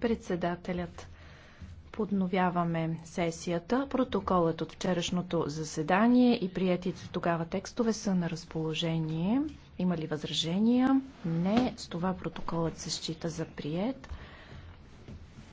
Председателят. Подновяваме сесията. Протоколът от вчерашното заседание и приятите тогава текстове са на разположение. Има ли възражения? Не. С това протоколът се счита за прият.